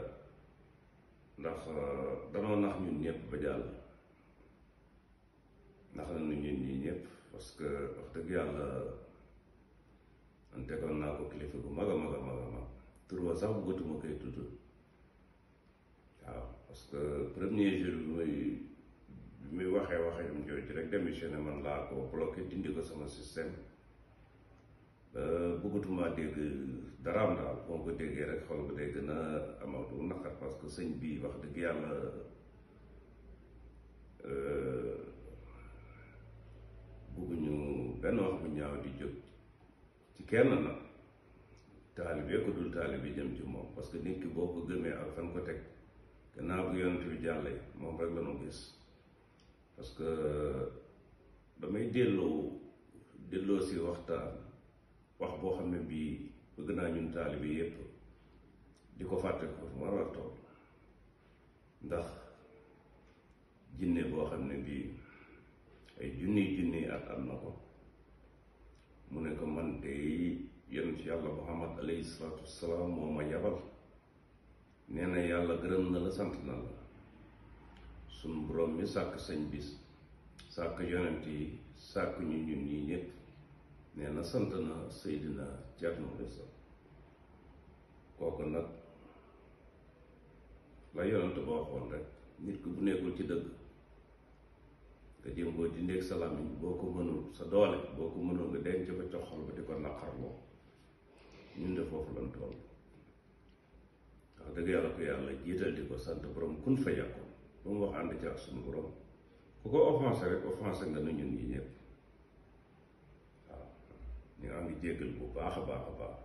ndax eh, danoo nax ñun ñëpp ba jàll nax na nu ñun ñi ñëpp parce que wax dëgg yàlla antegoon naa ko kilifa gu mag a mag a mag a mag tur wa sax bëggatuma koy tudd waaw parce que premier jour bi muy bi muy waxee waxeem jooju rek démissionné man laa ko bloqué dindi ko sama système bëggatuma dégg daraam daal boo ko déggee rek xol bu day gën a amatu naqar parce que sëñ bi wax dëgg yàlla euh, bëgguñu benn wax bu ñaaw di jóg ci kenn nag taalibe ko dul taalibe jëm ci moom parce que nit ki boo ko gëmee ak fan ko teg gannaaw bu yonent bi jàllee moom rek la nu gis parce que damay delloo delloo si waxtaan wax boo xam ne bii bëgg naa ñun taalibe yépp di ko fàtte ko ma war tool ndax jinne boo xam ne bii ay junniy junniy at am na ko mu ne ko man day yonent yàlla Muhammad alayhi salaatu wasalaam moo ma yabal nee na yàlla gërëm na la sant na la sunu borom mi sàkk sañ bis sàkk yonent yi sàkk ñu ñun ñi ñëpp nee na sant na Seydina Thierno Bousso kooku nag la yonent ba waxoon rek nit ku bu nekkul ci dëgg nga jëm boo sa làmmiñ boo ko mënul sa doole boo ko mënul nga denc ko ca ba di ko naqarloo ñun de foofu lan toll wax dëgg yàlla ko yàlla jiital di ko sant borom kun fa yàqu ba mu wax ànd ci ak suñu borom ku ko offensé rek offensé nga nu ñun ñi ñëpp waaw ñu am ngi jéggal bu baax a baax a baax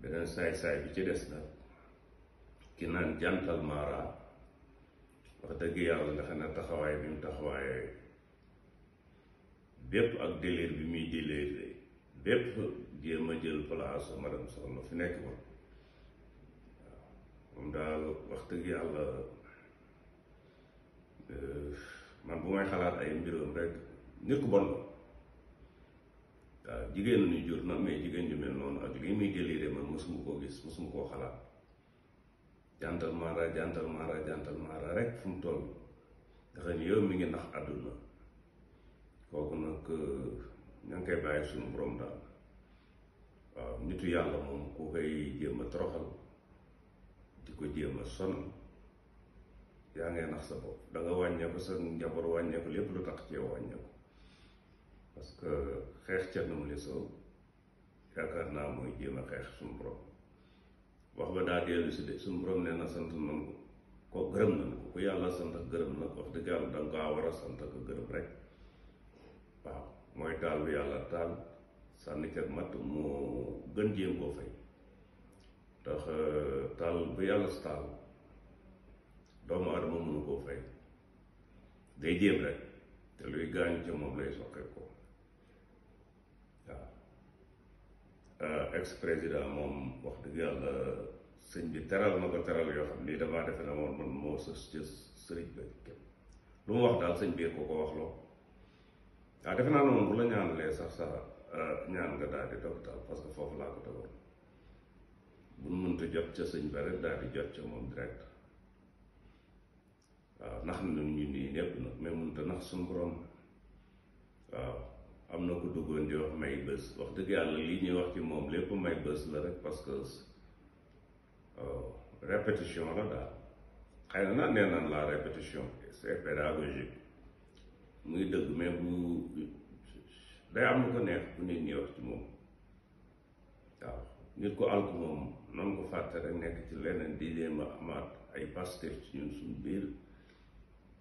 beneen saay-saay bi ci des na ki naan jantal maaraa wax dëgg yàlla nga xam ne taxawaay bi mu taxawaayee bépp ak délire bi muy délire bépp jéem a jël place madame soxna fi nekk woon waaw moom daal wax dëgg yàlla man bu may xalaat ay mbiram rek nit ku bon waaw jigéen jur na mais jigéen ju mel noonu ak lii muy déliré man mosuma koo gis mosuma koo xalaat jantal maara jantal maara rek fu mu toll nga yow mi ngi nax àdduna kooku nag ña ngi koy bàyyi suñu borom daal waaw nitu yàlla moom ku koy jéem toroxal di ko jéem a yaa ngay nax sa bopp da wàññeeku sa njaboot wàññeeku lépp lu tax cee wàññeeku parce que xeex ca nu mu yaakaar naa mooy jéem xeex suñu wax ba daa dellu de suñu borom nee na ko ko gërëm nan ko ku yàlla sant gërëm nag wax dëgg yàlla da war a sant ak gërëm rek waaw mooy taal yàlla taal sànni ca matt moo gën jéem koo fay ndax euh, taal bu yàlla taal. doomu adama mënu koo fay day jéem rek te luy gaañu ca moom lay soqe ko waaw euh, ex président moom wax dëgg yàlla sëñ bi teral na ko teral yoo xam ni damaa defe na moom man moo sëriñ ba kenn lu mu wax daal sëñ bi ko ko wax loo waaw defe naa ne moom bu la ñaanalee sax sax euh, ñaan nga daal di toog parce que foofu laa ko tegoon bu nu jot ca sëñ ba rek daal di jot ca moom direct waaw nax na ñu nii ñëpp nag mais mënut a nax suñu borom waaw am na ko duggoon di wax may bés wax dëgg yàlla lii ñuy wax ci moom lépp may bés la rek parce que répétition la daal xëy na nag nee naan la répétition c'est pédagogique muy dëgg mais bu day am lu ko neex ku nit ñi wax ci moom waaw nit ko alk moom nan ko fàtte nekk ci leneen di jéem a amaat ay pasteur ci ñun suñu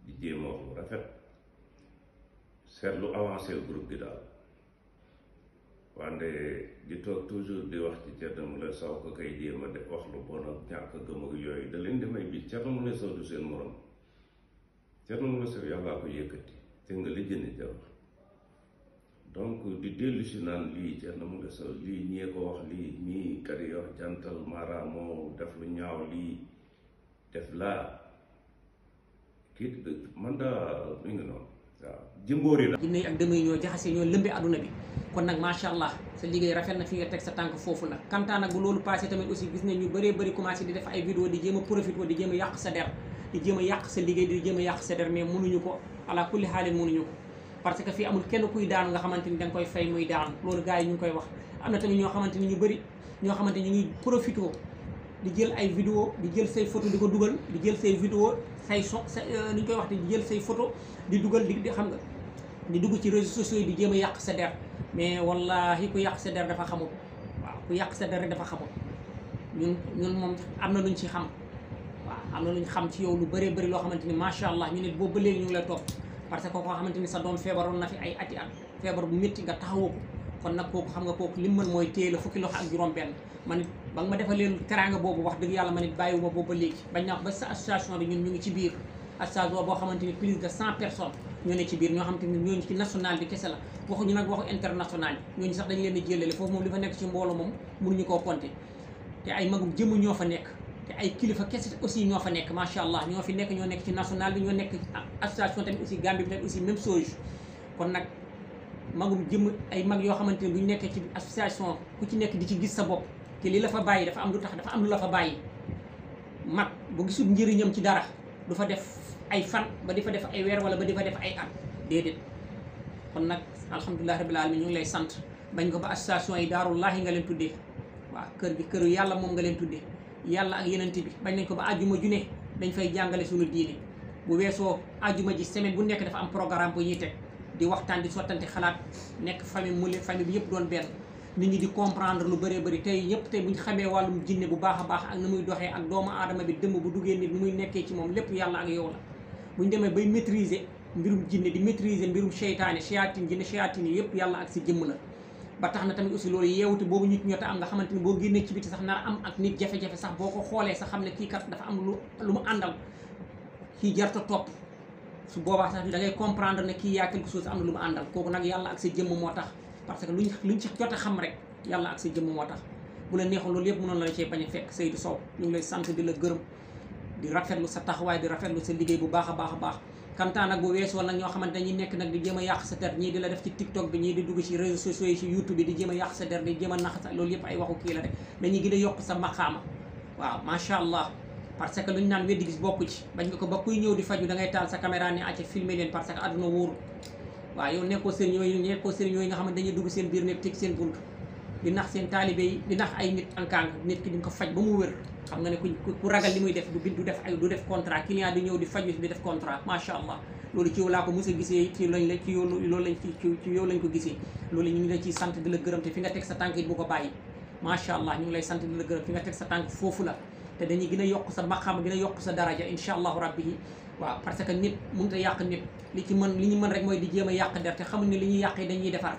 di jéem wax lu rafet seetlu avancé groupe bi daal wante di toog toujours di wax ci Thierno Moule Sow ko kay jéem a def wax lu bon ak ñàkk gëm ak yooyu da leen di may bi Thierno Moule Sow du seen morom Thierno Moule Sow yàllaa ko yëkkati te nga lijjani jaww donc di dellu naan lii Thierno Moule Sow lii ñee ko wax lii ñii kat jantal mara def lu ñaaw lii def laa kii man daa mi ngi noonu waaw jëmbóor yi la jinne yi ak dëmm yi ñoo jaxase ñoo lëmbe adduna bi kon nag macha allah sa liggéey rafet na fi nga teg sa tànk foofu la kantaan nag bu loolu passé tamit aussi gis ne ñu bëree bëri commencé di def ay vidéo di jéem a profité di jéem a yàq sa der di jéem a yàq sa liggéey di jéem a yàq sa der mais mënuñu ko ala kulli xaalin mënuñu ko parce que fii amul kenn kuy daanu nga xamante ni danga koy fay muy daanu loolu gars yi ñu ngi koy wax am na tamit ñoo xamante ni ñu bëri ñoo xamante ni ñu ngi profité di jël ay vidéo di jël say photo di ko dugal di jël say vidéo say so sa ni koy wax di jël say photo di dugal di xam nga di dugg ci réseaux sociaux yi di jéem yàq sa der mais wallahi ku yàq sa der dafa xamul waaw ku yàq sa der dafa xamul ñun ñun moom am na lu luñ ci xam waaw am na luñ xam ci yow lu bëree bëri loo xamante ni macha allah ñu ne boo ba léegi ñu lay topp parce que koo xamante ni sa doom feebaroon na fi ay ati at feebar bu métti nga taxawoo ko kon nag kooku xam nga kooku li mu mën mooy téye la fukki loxo ak juróom-benn man it ba nga ma defalee teraanga boobu wax dëgg yàlla man it bàyyiwuma boobu léegi bañ naa wax ba sa association bi ñu ngi ci biir association boo xamante ni plus de cent personnes ñu ne ci biir ñoo xamante ni ñooñu ci national bi kese la waxu international yi ñooñu sax dañu leen di jëlale foofu moom li fa nekk ci mbooloo moom mënuñu koo compter te ay magum jëmm ñoo fa nekk te ay kilifa kese aussi ñoo fa nekk macha allah ñoo fi nekk ñoo nekk ci national bi ñoo nekk association tamit aussi Gambie bi tamit aussi même magum jëmm ay mag yoo xamante ne bu ñu nekkee ci association ku ci nekk di ci gis sa bopp te lii la fa bàyyi dafa am lu tax dafa am lu la fa bàyyi mag bu gisul njëriñam ci dara du fa def ay fan ba di fa def ay weer wala ba di def ay at déedéet kon nag alhamdulilah rabbil alamin ñu ngi lay sant bañ ko ba association yi daarullahi nga leen tuddee waaw kër gi këru yàlla moom nga leen tuddee yàlla ak yenente bi bañ nañ ko ba àjjuma ju ne dañ fay jàngale suñu diine bu weesoo àjjuma ji semaine bu nekk dafa am programme bu ñuy di waxtaan di sottante xalaat nekk famille mu le famille bi yëpp doon benn nit ñi di comprendre lu bëree bëri tey ñëpp tey bu ñu xamee wàllum jinne bu baax a baax ak na muy doxee ak doomu aadama bi dëmm bu duggee nit ni muy nekkee ci moom lépp yàlla ak yow la bu ñu demee bay di maîtriser mbirum seytaane seyaatin jinne seyaatin yi yëpp yàlla ak si jëmm la ba tax na tamit aussi loolu yeewute boobu ñu ñoo am nga xamante ni boo génnee ci biti sax nar am ak nit jafe-jafe sax boo ko xoolee sax xam ne kii kat dafa am lu lu mu àndal kii jarta topp su boobaa sax da ngay comprendre ne kii yaa quelque chose am na lu mu àndal kooku nag yàlla ak sa jëmm moo tax parce que luñ luñ ci jot a xam rek yàlla ak sa jëmm moo tax bu la neexoon loolu yëpp mënoon la cee bañ a fekk Seydou Sow ñu ngi sa taxawaay di rafetlu sa liggéey bu baax a a baax kantaan nag bu weesoo nag ñoo xamante dañuy nekk nag di jéem a yàq sa der ñii di la def ci tiktok bi ñii di dugg ci réseaux sociaux yi youtube di jéem a yàq sa der di jéem a nax sa loolu yëpp ay waxu kii la rek dañuy gën yokk sa maqaama waaw macha allah parce que lu ñu naan weddi gis bokk ci bañ nga ko ba kuy ñëw di faju da ngay taal sa caméra ni acca filmer leen parce que àdduna wóoru waaw yow nekkoo sëriñ yooyu nga xam ne dañuy dugg seen biir nekk teg seen bunt di nax seen taalibe yi di nax ay nit ankaang nit ki di ko faj ba mu wér xam nga ne ku ragal li muy def du du def ay du def contrat client di ñëw di faju di def contrat macha allah loolu ci yow laa ko mos a gisee ci lañ la ci yow loolu lañ ci yow lañ ko gisee loolu ñu ngi la ciy sant di la gërëm te fi nga teg sa tànk it bu ko bàyyi macha allah ñu lay sant di la gërëm sa tànk foofu la te dañuy gën a yokk sa maqaam gën a yokk sa daraja incha allahu rabbi yi waaw parce que nit mënut a yàq nit li ci mën li ñu mën rek mooy di jéem a yàq der te xamul ne li ñuy yàqee dañuy defar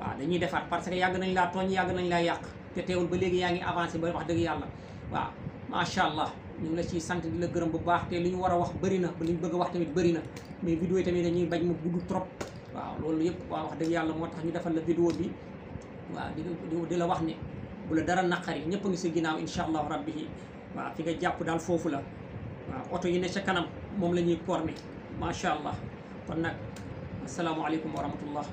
waaw dañuy defar parce que yàgg nañ laa tooñ yàgg nañ laa yàq te teewul ba léegi yaa ngi avancé ba wax dëgg yàlla waaw macha allah ñu ngi la sant di la gërëm bu baax te li ñu war a wax bëri na li ñu bëgg a wax tamit bari na mais vidéo yi tamit dañuy bañ mu gudd trop waaw loolu yëpp waaw wax dëgg yàlla moo tax ñu defal la vidéo bi waaw di la wax ne bu la dara yi ñëpp a ngi si ginnaaw incha allahu rabbi waaw fi nga jàpp daal foofu la waaw oto yi ne ca kanam moom la ñuy corné macha allah kon nag asalaamaaleykum wa rahmatullah